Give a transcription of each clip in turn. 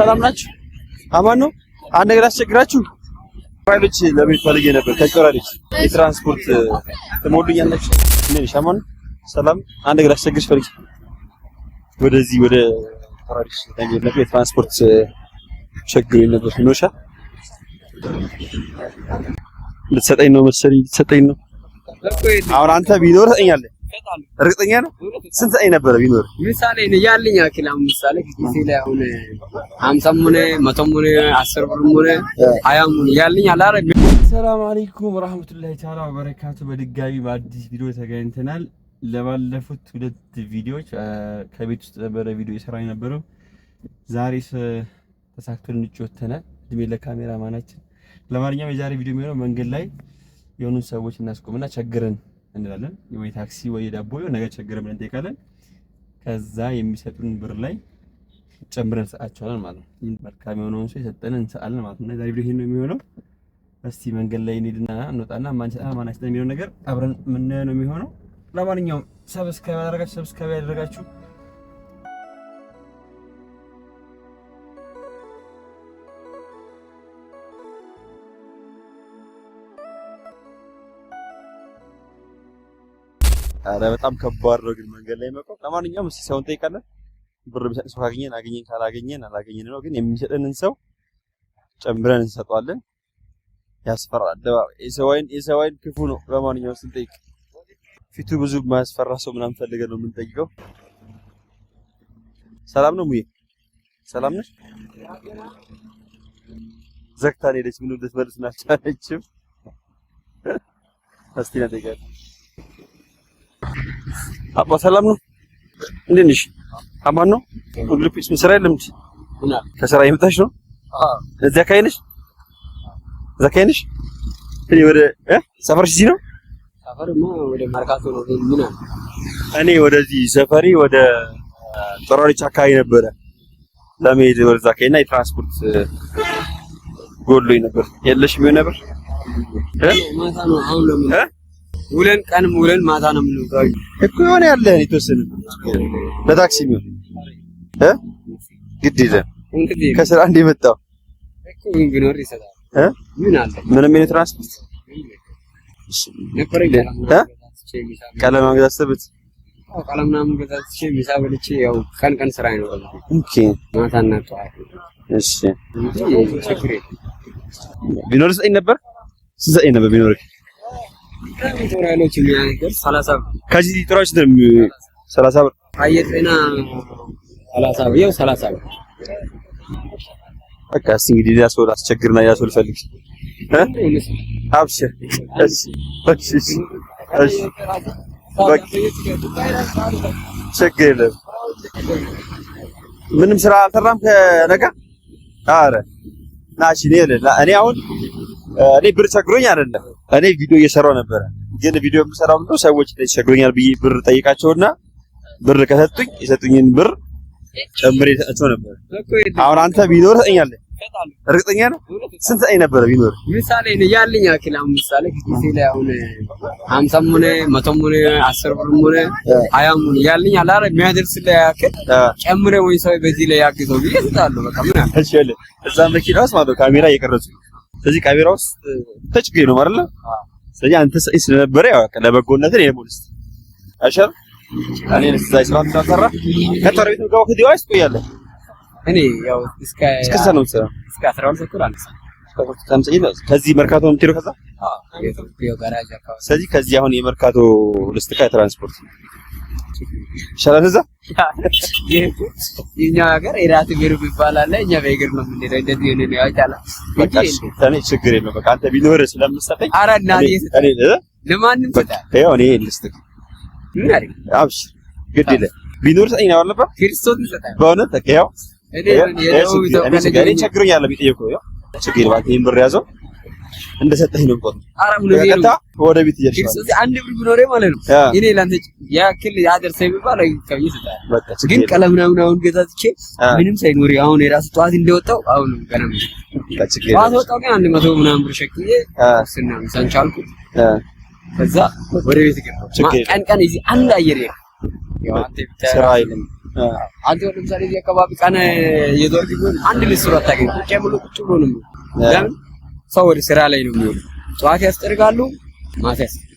ሰላም ናችሁ? አማን ነው። አንድ ነገር አስቸግራችሁ ፋይሎች ለምን ፈልጌ ነበር። ከጭራሪት የትራንስፖርት ትሞሉኛላችሁ? ምን አማን ነው። ሰላም አንድ ነገር አስቸግርሽ ፈልጌ ወደዚህ ወደ ጭራሪት ለሚሄድ ነበር። የትራንስፖርት ቸግሮኝ ነበር። ኖሻ ልትሰጠኝ ነው መሰለኝ፣ ልትሰጠኝ ነው። አሁን አንተ ቢኖር ትሰጠኛለህ እርግጠኛ ነው። ስንት ላይ ነበረ ቢኖር ምሳሌ ነው ያለኝ አኪል አሁን ምሳሌ ጊዜ ላይ አሁን ሀምሳም ሆነ መቶም ሆነ አስር ብርም ሆነ ሀያም ሆነ ያለኝ አላረ። ሰላም አለይኩም ወራህመቱላሂ ተዓላ ወበረካቱ። በድጋሚ በአዲስ ቪዲዮ ተገኝተናል። ለባለፉት ሁለት ቪዲዮዎች ከቤት ውስጥ ነበረ ቪዲዮ የሰራ የነበረው ዛሬ ተሳክቶ እንጭወተናል። እድሜ ለካሜራ ማናችን። ለማንኛውም የዛሬ ቪዲዮ የሚሆነው መንገድ ላይ የሆኑ ሰዎች እናስቆምና ቸግረን እንላለን። ወይ ታክሲ ወይ ዳቦ ወይ ነገ ቸገረ ምን እንጠይቃለን። ከዛ የሚሰጡን ብር ላይ ጨምረን እንሰጣቸዋለን ማለት ነው። መልካም የሆነውን ሰው የሰጠንን እንሰጣለን ማለት ነው። ዛሬ ቪዲዮ ይሄን ነው የሚሆነው። እስቲ መንገድ ላይ እንሂድና እንወጣና ማን ሰጣ ማን አስጠን የሚለው ነገር አብረን የምናየው ነው የሚሆነው። ለማንኛውም ሰብስክራይብ ያደረጋችሁ ሰብስክራይብ ያደረጋችሁ ኧረ በጣም ከባድ ነው ግን መንገድ ላይ መቆም። ለማንኛውም እስኪ ሰውን ጠይቃለን። ብር የሚሰጥ ሰው ካገኘን አገኘን፣ ካላገኘን አላገኘን ነው። ግን የሚሰጠንን ሰው ጨምረን እንሰጠዋለን። ያስፈራል። የሰዋይን አይን ክፉ ነው። ለማንኛውም ስንጠይቅ ፊቱ ብዙ ማያስፈራ ሰው ምናምን ፈልገን ነው የምንጠይቀው። ሰላም ነው ሙዬ፣ ሰላም ነሽ? ዘግታን ሄደች። ምን ልትመልስ ናቻለችም። እስቲ ጠይቃለሁ አባ ሰላም ነው? እንዴት ነሽ? አማን ነው? ሁሉ ፒስ ምን ስራ የለም እንጂ ከስራ የመጣሽ ነው? እዚያ አካባቢ ነሽ? እዚያ አካባቢ እኔ ወደ እ ሰፈርሽ እዚህ ነው? ሰፈርማ ወደ መርካቶ ነው። ምን እኔ ወደዚህ ሰፈሪ ወደ ጠራሪች አካባቢ ነበረ ለመሄድ ወደዛ ከይና እና የትራንስፖርት ጎሎኝ ነበር። የለሽም ይሆን ነበር? ማታ ነው አሁን ለምን እ ውለን ቀንም ውለን ማታ ነው የምንወጣው እኮ የሆነ ያለ የተወሰነ በታክሲ ነው እ ግድ የለም ከስራ እንደ እኮ ምን ቢኖር ይሰጣል እ ምን አለ ምንም የእኔ ትራንስፖርት ቀለም መግዛት ስብት ቀለም ምናምን ገዛት ቼ ሚሳ በልቼ ያው ቀን ቀን ስራ ይኖራል። ኦኬ ማታ እና ጠዋት እሺ ቢኖር ስጠኝ ነበር ስጠኝ ነበር ቢኖር ከዚህ ጥራሽ ነው ሰላሳ ብር በቃ እስኪ እንግዲህ ሊያስወል አስቸግርና ሊያስወል ፈልግ እ እሺ እሺ ችግር የለም ምንም ስራ አልሰራም ከነጋ ኧረ ናሽ እኔ አሁን እኔ ብር ቸግሮኝ አይደለም እኔ ቪዲዮ እየሰራው ነበረ። ግን ቪዲዮ የምሰራው ምንድነው ሰዎች ላይ ይቸግሩኛል ብዬ ብር ጠይቃቸውና ብር ከሰጡኝ የሰጡኝን ብር ጨምሬ ሰጣቸው ነበር። አሁን አንተ ቢኖር ሰጠኛለህ፣ እርግጠኛ ነህ? ስንት ሰጠኝ ነበረ ቢኖር? ምሳሌ ነው ያለኝ አክል አሁን ምሳሌ ፊቴ ላይ አሁን ሀምሳም ሆነ መቶም ሆነ አስር ብርም ሆነ ሀያም ሆነ ያለኝ አለ አይደል የሚያደርስ ላይ ያክል ጨምሬ ወይ ሰው በዚህ ላይ ያግዘው ብዬ እሰጣለሁ። በቃ ምን አለ እዛ መኪና ውስጥ ማለት ካሜራ እየቀረጹ ስለዚህ ካሜራ ውስጥ ተጭግኝ ነው አይደለ? ስለዚህ አንተ ሰይ ስለነበረ ያው ለበጎነት ነው የሞልስ አሸር አኔ ለዛይ ስራ ተሰራ ከተር ቤት ነው ከዲዋ ይስቆያለ እኔ ያው እስከ እስከ ሰነው ሰራ እስከ 12 ተኩል አንሳ ከዚህ መርካቶ ነው የምትሄደው ከዛ? አዎ ስለዚህ ከዚህ አሁን የመርካቶ ልስጥቃ የትራንስፖርት ይሻላል። እዛ የኛ ሀገር የራት እግር ይባላል። እኛ በእግር ነው የምንሄደው። እንደዚህ የሆነ ነው ያውቃል። በቃ እኔ ችግር የለውም። በቃ አንተ ቢኖር ስለምትሰጠኝ ኧረ እናቴ ስጠኝ። ለማንም ስጠኝ። ይኸው እኔ ልስጥህ። ምን አይደል? አብሽር፣ ግድ የለም ቢኖር ስጠኝ ነው አልነበረ ክርስቶስ ይሰጣል። በእውነት ይኸው እኔ እኔ ችግር ያለው ቢጠየቁ ይኸው ችግር ባንተ ይሄን ብር ያዘው እንደሰጠኝ ነው ቆጥ አራም ነው ይሄ ወደ ቤት ይያልሽ አንድ ብር ቢኖር ማለት ነው እኔ ላንተ ያክል አደርሰኝ ቢባል አይካው ይሰጣል። ግን ቀለም ምናምን አሁን ገዛትቼ ምንም ሳይኖር አሁን የራሱ ጠዋት እንደወጣው አሁን ቀለም ጠዋት ወጣው ግን አንድ መቶ ምናምን ብር ሸክዬ ስና ምሳን ከዛ ወደ ቤት ገባሁ። ቀን ቀን እዚህ አንድ አየር ይሄ አንተ ብቻ ስራ አይልም አንተ ለምሳሌ እዚህ አካባቢ ቀን የዞር ቢሆን አንድ ልስሩ አታገኝ ቁጭ ብሎ ቁጭ ብሎ ነው ለምን ሰው ወደ ስራ ላይ ነው የሚሆነው። ጠዋት ያስጠርጋሉ፣ ማታ ያስጠርጋሉ።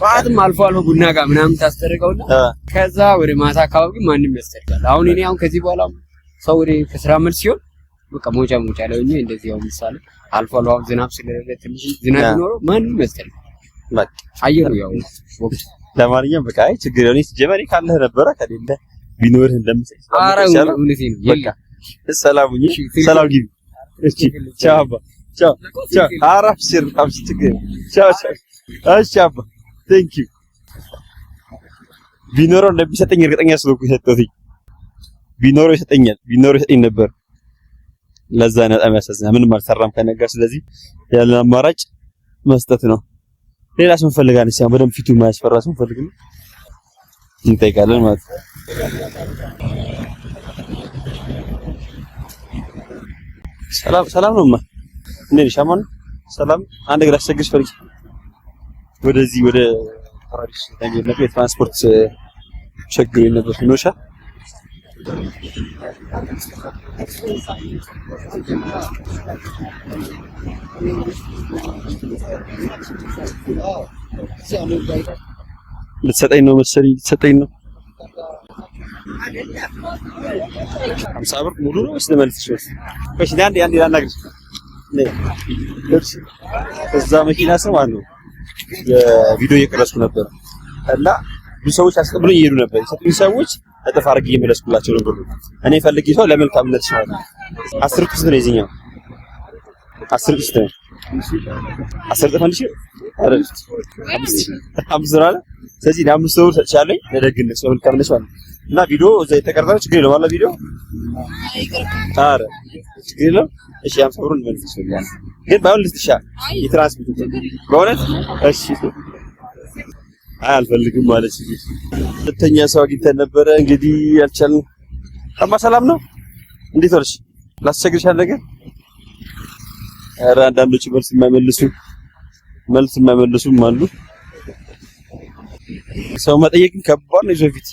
ጠዋትም አልፎ አልፎ ቡና ጋር ምናምን ታስጠርቀውና ከዛ ወደ ማታ አካባቢ ማንም ያስጠርጋል። አሁን እኔ አሁን ከዚህ በኋላ ሰው ወደ ከስራ መልስ ሲሆን በቃ ሞጫ ሞጫ ላይ ሆኜ እንደዚህ ያው ምሳሌ አልፎ አልፎ አሁን ዝናብ ስለሌለ ትንሽ ዝናብ ቢኖረው ማንም ያስጠርጋል። በቃ አየሩ ያው ወቅቱ ለማንኛውም በቃ አይ ችግር የሆነ ጀመሪ ካለህ ነበረ ከሌለ ቢኖርህ እንደምሰጥ አረ እውነቴን ነው በቃ ሰላም ሰላም ጊዜ እሺ ቻው አባ ቻው ቻው። አራፍ ሲር አምስ ትገኝ ቻው ቻው። እሺ አባ ቴንክ ዩ። እንደሚሰጠኝ እርግጠኛ ይሰጠኛል፣ ቢኖሮ ይሰጠኝ ነበር። ለዛ ነው በጣም ያሳዝናል። ምንም አልሰራም ከነጋ። ስለዚህ ያለን አማራጭ መስጠት ነው። ሌላ ሰው እንፈልጋለን። ሲያም በደንብ ፊቱ እንጠይቃለን ማለት ነው። ሰላም ሰላም ነው። እንዴ ሻማን ሰላም። አንድ ነገር አስቸግርሽ ፈልጌ ወደዚህ ወደ ፓራዲስ ለሚሄድ ነበር። የትራንስፖርት ችግር ነበር ኖሻ ልትሰጠኝ ነው መሰለኝ፣ ልትሰጠኝ ነው። ሀምሳ ብር ሙሉ ነው ወይስ ለመልስ? እሺ አንዴ አንዴ ላናግርሽ ልብስ እዛ መኪና ስር ማለት ነው ቪዲዮ እየቀረስኩ ነበር እና ብዙ ሰዎች አስቀብሎኝ እየሄዱ ነበር። የሰጡኝ ሰዎች እጥፍ አድርጌ እየመለስኩላቸው ነበር። እኔ ፈልጌ ሰው ለመልካምነት ይችላል። አስር ቁጥር ነው የዚህኛው አስር ሺህ አስር ጥፍ ሺህ አይደል? አምስት ስለዚህ ለአምስት ሰው ለደግነት ለመልካምነት ማለት እና ቪዲዮ እዛ የተቀረጸ ችግር የለውም አለ ቪዲዮ አረ ችግር የለውም። እሺ አምሳ ብሩን መልስ ግን ባይሆን ልትሻ የትራንስሚት በእውነት እሺ አልፈልግም ማለት ሁለተኛ ሰው አግኝተን ነበረ እንግዲህ አልቻልንም። ሰላም ነው። እንዴት ወርሽ ላስቸግርሻል ነገር ኧረ አንዳንዶች መልስ የማይመልሱ መልስ የማይመልሱም አሉ። ሰው መጠየቅን ከባድ ነው። የሰው ፊት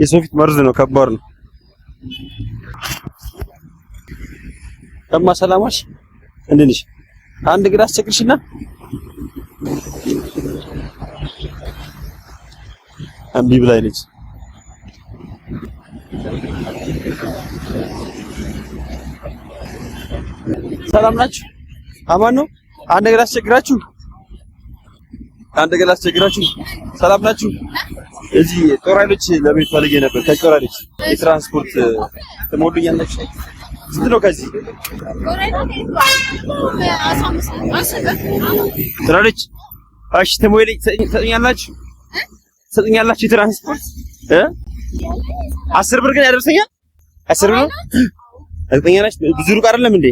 የሰው ፊት መርዝ ነው፣ ከባድ ነው። እማ ሰላማሽ ነሽ? አንድ ግራ አስቸግርሽና እምቢ ብላኝ ነች። ሰላም ናችሁ? አማን ነው። አንድ ነገር አስቸግራችሁ አንድ ነገር አስቸግራችሁ። ሰላም ናችሁ? እዚህ ጦር ኃይሎች ለቤት ፈልጌ ነበር። ከጦር ኃይሎች የትራንስፖርት ትሞሉኛላችሁ? ስንት ነው? ከዚህ ጦር ኃይሎች እሺ፣ ትሞሉኝ ትሰጡኛላችሁ? ትሰጡኛላችሁ? የትራንስፖርት እ አስር ብር ግን ያደርሰኛል? አስር ብር ነው? እርግጠኛ ነሽ? ብዙ ሩቅ አይደለም እንዴ?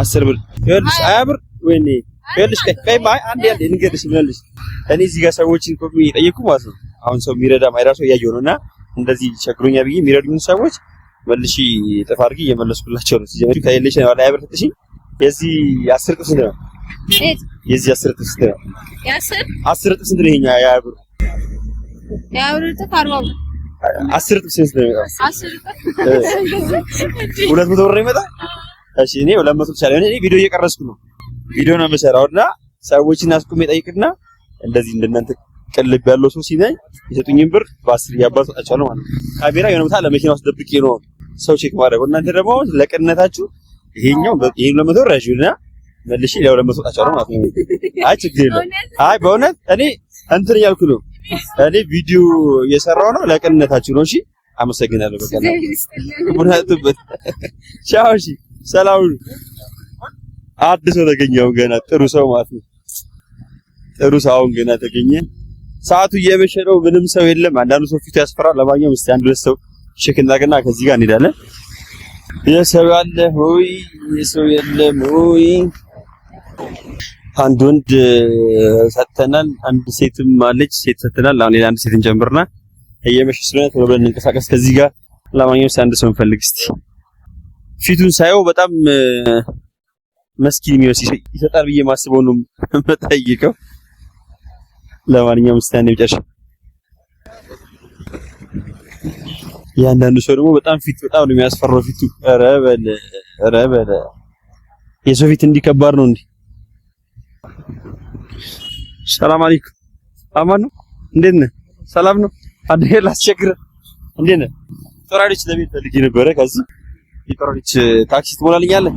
አስር ብር ይኸውልሽ፣ ሀያ ብር ወይኔ ይኸውልሽ፣ ቀይ ማይ አንድ ያለ እንገድሽ ምንልሽ እኔ እዚህ ጋር ሰዎችን ኮፒ እየጠየኩ ማለት ነው። አሁን ሰው የሚረዳ ማይራሱ እያየሁ ነውና እንደዚህ ቸግሮኛ ብዬ የሚረዱኝ ሰዎች መልሺ ጥፍ አድርጊ እየመለስኩላቸው ነው። ሲጀምሪ ከሌለሽ ነው ሀያ ብር ትጥሺ የዚህ አስር ጥፍ ነው። የዚህ አስር ጥፍ ነው። አስር ጥፍ ነው። ይሄኛ ሀያ ብር አስር እጥፍ ነው የሚመጣው? ሁለት መቶ ብር ይመጣል። እሺ እኔ ሁለት መቶ ብቻ እኔ ቪዲዮ እየቀረስኩ ነው፣ ቪዲዮ ነው የምሰራው እና ሰዎችን አስቁሜ ጠይቅና እንደዚህ እንደናንተ ቅልብ ያለው ሰው ሲናኝ የሰጡኝን ብር በአስር ያባሰጣቸዋለሁ ማለት ነው። ካሜራ የሆነ ቦታ ለመኪና ውስጥ ደብቄ ነው ሰው ቼክ ማድረግ። እናንተ ደግሞ ለቅንነታችሁ ይሄኛው ይሄን ሁለት መቶ መልሼ ለሁለት መቶ እጣቸዋለሁ ማለት ነው። አይ ችግር የለውም። አይ በእውነት እኔ እንትን እያልኩ ነው እኔ ቪዲዮ እየሰራው ነው። ለቅንነታችሁ ነው። እሺ፣ አመሰግናለሁ። በቃ ቡናቱበት ቻው። እሺ፣ ሰላም። አዲስ ሰው ተገኘው ገና ጥሩ ሰው ማለት ነው። ጥሩ ሰው አሁን ገና ተገኘ። ሰዓቱ እየመሸ ነው። ምንም ሰው የለም። አንዳንዱ ሰው ፊቱ ያስፈራል። ለማንኛውም እስቲ አንድ ሁለት ሰው ቼክ እናደርግና ከዚህ ጋር እንሄዳለን። የሰው ያለ ሆይ የሰው የለም ሆይ አንድ ወንድ ሰተናል፣ አንድ ሴትም አለች ሴት ሰተናል። አሁን ሌላ አንድ ሴት እንጀምርና እየመሸ ስለሆነ ቶሎ ብለን እንንቀሳቀስ። ከዚህ ጋር ለማግኘት አንድ ሰው እንፈልግ እስቲ። ፊቱን ሳየው በጣም መስኪን የሚወስ ይሰጣል ብዬ ማስበው ነው የምጠይቀው። ለማንኛውም ስታንድ ብቻሽ። ያንዳንዱ ሰው ደግሞ በጣም ፊት በጣም ነው የሚያስፈራው ፊቱ። ኧረ በለ ኧረ በለ የሰው ፊት እንዲከባድ ነው እንዴ! ሰላም አለይኩም። አማን ነው? እንዴት ነህ? ሰላም ነው? አንዴ ላስቸግርህ። እንዴት ነህ? ጦራሪዎች ለቤት ፈልጌ ነበረ። ከዚህ የጦራሪዎች ታክሲ ትሞላልኛለህ?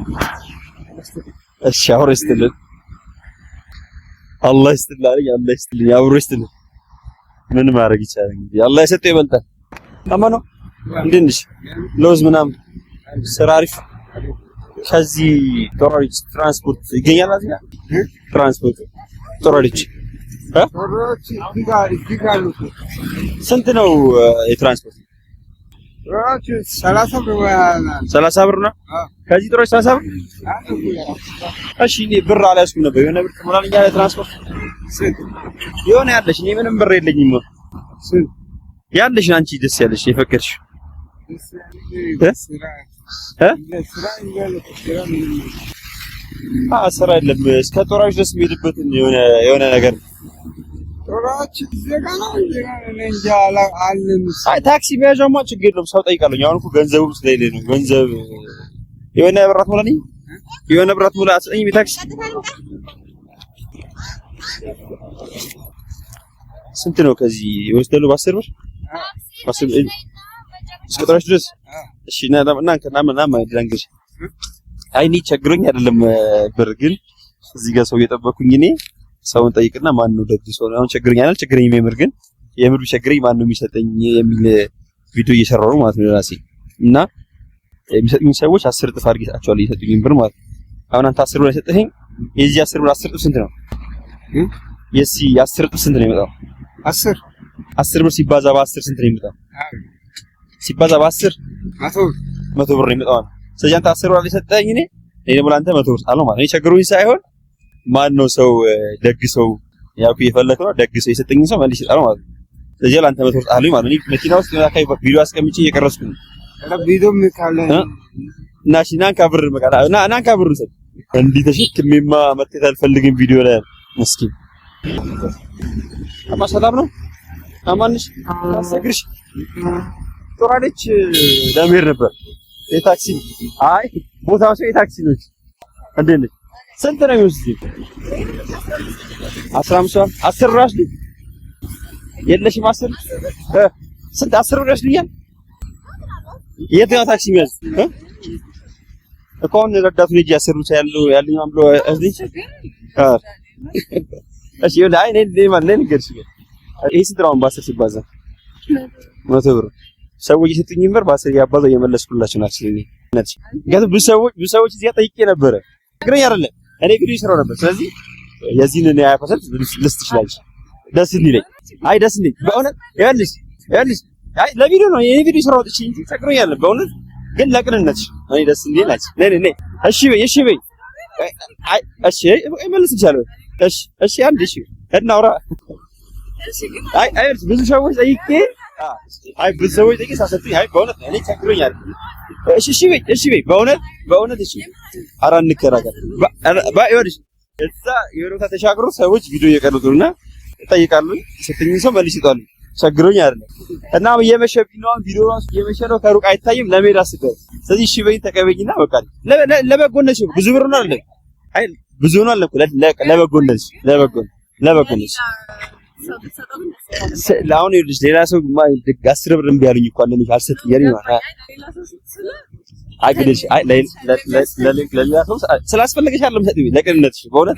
እሺ፣ አብሮ ይስጥልን። አላህ ይስጥልኝ አለኝ። አላህ ይስጥልኝ፣ አብሮ ይስጥልኝ። ምን ማድረግ ይቻላል እንግዲህ አላህ የሰጠው ይበልጣል። አማን ነው? እንዴት ነሽ? ለውዝ ምናምን ስራ አሪፍ ከዚህ ጦራሪዎች ትራንስፖርት ይገኛል። አዚህ ትራንስፖርት ጦራሪዎች ስንት ነው የትራንስፖርት? ሰላሳ ብር ነው። ከዚህ ጥሮች ሰላሳ ብር። እሺ እኔ ብር አልያዝኩም ነበር። የሆነ ብር ትራንስፖርት? ለትራንስፖርት የሆነ ያለሽ። እኔ ምንም ብር የለኝም። ያለሽ አንቺ ደስ ያለሽ የፈቀድሽ ስራ የለም። እስከ ጦራዎች ደስ የሚሄድበትን የሆነ ነገር ነው ታክሲ ቢያዣማ ችግር የለውም። ሰው ጠይቃለሁ። አሁን እኮ ገንዘቡ ስለሌለ ነው። ገንዘብ የሆነ ብራት ሙላ የሆነ ብራት ሙላ አስጠኝ ታክሲ ስንት ነው? ከዚህ ይወስዳሉ። በአስር ብር በአስር ብር እስከጥራሽ ድረስ እሺ። እና እና እና አይ እኔ ቸግሮኝ አይደለም ብር ግን እዚህ ጋር ሰው እየጠበኩኝ እኔ ሰውን ጠይቅና ማን ነው ደግ ሰው አሁን ችግረኛ አይደል ችግረኝ የሚምር ግን የምር ቢቸግረኝ ማን ነው የሚሰጠኝ የሚል ቪዲዮ እየሰራሁ ነው ማለት ነው ራሴ እና የሚሰጡኝ ሰዎች አስር እጥፍ አድርጌታቸዋለሁ እየሰጡኝ ብር ማለት ነው አሁን አንተ አስር ብር የሰጠኸኝ የዚህ አስር ብር አስር እጥፍ ስንት ነው የሲ አስር እጥፍ ስንት ነው የሚመጣው አስር አስር ብር ሲባዛ በአስር ስንት ነው የሚመጣው ሲባዛ በአስር መቶ ብር ነው የሚመጣው ስለዚህ አንተ አስር ብር የሰጠኸኝ እኔ ደግሞ ለአንተ መቶ ብር አለው ማለት ነው የቸግሩኝ ሳይሆን ማን ነው ሰው ደግ ሰው ያልኩ የፈለከው ደግ ሰው የሰጠኝ ሰው መልሽ ይጣል ማለት ነው። ስለዚህ ለአንተ መቶ ጣሉ ማለት ነው። መኪና ውስጥ ነው አካይ ቪዲዮ አስቀምጪ እየቀረስኩ ነው። ቪዲዮም ካለ እና እሺ ና እንካ ብር መቃላ እና እና እንካ ብር ሰጥ እንዲህ ተሸክሜማ መጥተህ አልፈልግም። ቪዲዮ ላይ መስኪን አማ ሰላም ነው አማንሽ አሰግርሽ ጦራለች ለምሄድ ነበር የታክሲ አይ ቦታው ሰው የታክሲ ነው እንዴ ስንት ነው የሚወስድ? አስራ አምስት ብር አስር ብር ወስድ የለሽም። አስር ስንት አስር የት ነው ታክሲ የሚያዝ እኮ አሁን ረዳቱን ሂጅ አስር ብቻ ብሎ እሺ አይ ነኝ ነኝ ነኝ ገርሽ ይሄ ስንት ነው በአስር ሲባዛ? መቶ ብር ሰዎች ብር በአስር የመለስኩላችሁ ናችሁ። ብዙ ሰዎች ብዙ ሰዎች እዚያ ጠይቄ ነበረ። ግረኝ አይደለም እኔ ቪዲዮ ይሰራው ነበር። ስለዚህ የዚህን ነው ፐርሰንት ልስጥ ትችላለች። ደስ እንዲለኝ አይ ደስ እንዲለኝ በእውነት ይኸውልሽ፣ ይኸውልሽ አይ ለቪዲዮ ነው የኔ ቪዲዮ ይሰራው ጥቺ እንጂ ጸግሮኛል። በእውነት ግን ለቅንነት እኔ ደስ እንዲለኝ ናች። ነይ ነይ፣ እሺ በይ፣ እሺ በይ፣ አይ እሺ መልስ ይችላል። እሺ እሺ፣ አንድ እሺ፣ እናውራ። እሺ አይ አይ ብዙ ሰዎች ጠይቄ አይ ብዙ ሰዎች ጥቂት ሳሰጡኝ፣ አይ በእውነት እኔ ቸግሮኛል። እሺ እሺ በይ እሺ በይ በእውነት በእውነት እሺ። ኧረ እንከራከር ባ ይወድሽ እዛ የሆነ ቦታ ተሻግሮ ሰዎች ቪዲዮ እየቀረጹ ይጠይቃሉ። ስትኝ ሰው መልስ ይጧሉ። ቸግሮኝ አይደለም እና እየመሸብኝ ነው። ቪዲዮ ራሱ እየመሸ ነው፣ ከሩቅ አይታይም። ለመሄድ አስቤያለሁ። ስለዚህ እሺ በይኝ ተቀበይኝና በቃ ለበጎነት ብዙ ብር ነው አይደል? አይ ብዙ ነው አለኩ ለበጎነት ለበጎነት ለበጎነት ለአሁን ይኸውልሽ ሌላ ሰው አስር ብር እምቢ አሉኝ እኮ አለኝ አልሰጥም ያለኝ ለሌላ ሰው ስላስፈለገሽ አይደለም ሰጥኝ፣ ለቅንነትሽ በእውነት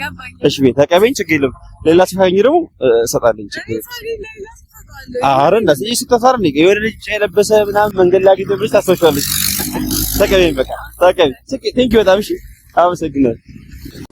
እሺ። ቤት ተቀበይኝ፣ ችግር የለም። ሌላ ሰው ያገኝ ደግሞ እሰጣለኝ፣ ችግር አረ እንዳስ ይህ ስተፋር ነው የወደ ልጅ የለበሰ ምናምን መንገድ ላይ አግኝቶ ብለሽ በቃ ተቀበይኝ። ቴንኪው በጣም እሺ፣ አመሰግናለሁ።